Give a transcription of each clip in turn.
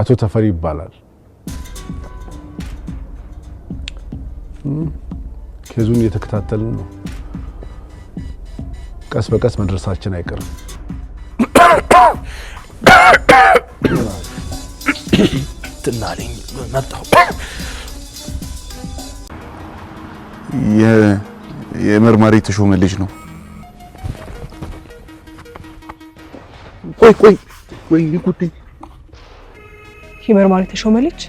አቶ ተፈሪ ይባላል። ኬዙን እየተከታተልን ነው። ቀስ በቀስ መድረሳችን አይቀርም። ትናለኝ መጣሁ። የመርማሪ ተሾመ ልጅ ነው። ቆይ ቆይ ቆይ ሂመር ማሪ ተሾመ ልጅ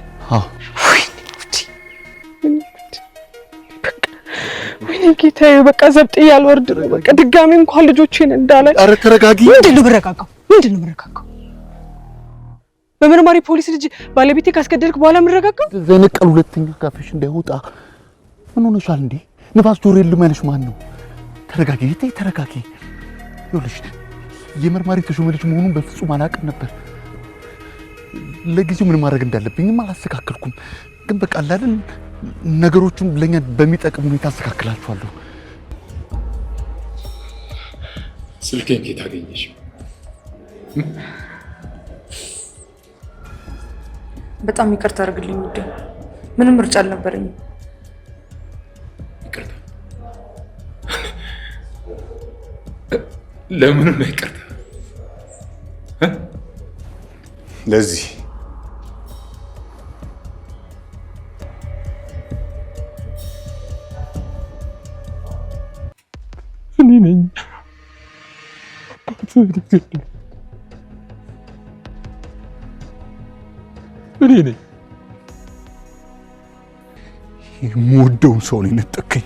ወይኔ ጌታዬ፣ በቃ ዘብጥ እያልወርድ ነው። በቃ ድጋሚ እንኳን ልጆቼን ኧረ ተረጋጊ። ምንድን ነው የምረጋጋው? ምንድን ነው የምረጋጋው? በመርማሪ ፖሊስ ልጅ ባለቤቴ ካስገደልክ በኋላ የምረጋጋው? ዘነቀል ሁለተኛ እንዳይወጣ። ምን ሆነሻል እንዴ? ንፋስ ጆሮ የለም ያለሽ ማን ነው? ተረጋጊ ጌታዬ፣ ተረጋጊ። ይኸውልሽ የመርማሪ ተሾመ ልጅ መሆኑን በፍጹም አላውቅም ነበር። ለጊዜው ምን ማድረግ እንዳለብኝም አላስተካከልኩም። ግን በቃ አላልን ነገሮቹን ለኛ በሚጠቅም ሁኔታ አስተካክላችኋለሁ። ስልኬን ከየት አገኘሽ? በጣም ይቅርታ አድርግልኝ ውዴ፣ ምንም ምርጫ አልነበረኝም። ይቅርታ ለምንም ይቅርታ ለዚህ እኔ ነኝ። እኔ ነኝ የምወደውን ሰው ነው የነጠቀኝ።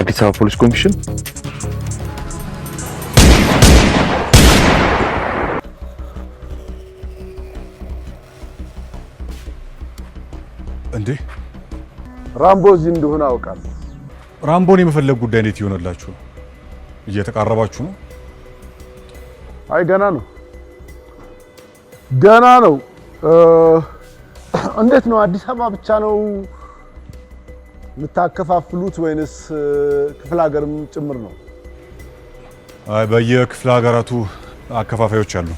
አዲስ አበባ ፖሊስ ኮሚሽን እንዴ ራምቦ እዚህ እንደሆነ አውቃለሁ። ራምቦን የመፈለግ ጉዳይ እንዴት ይሆንላችሁ እየተቃረባችሁ ነው? አይ ገና ነው ገና ነው። እንዴት ነው አዲስ አበባ ብቻ ነው የምታከፋፍሉት ወይንስ ክፍለ ሀገርም ጭምር ነው? አይ በየክፍለ ሀገራቱ አከፋፋዮች አሉ።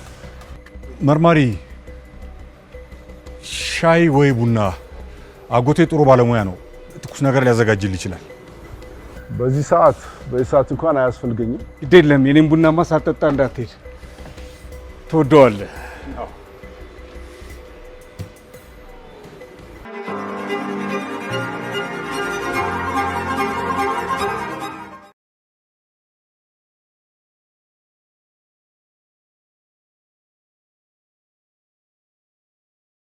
መርማሪ ሻይ ወይ ቡና አጎቴ ጥሩ ባለሙያ ነው፣ ትኩስ ነገር ሊያዘጋጅል ይችላል። በዚህ ሰዓት በዚህ ሰዓት እንኳን አያስፈልገኝም። ግዴለም የኔም ቡናማ ሳትጠጣ እንዳትሄድ። ትወደዋለህ።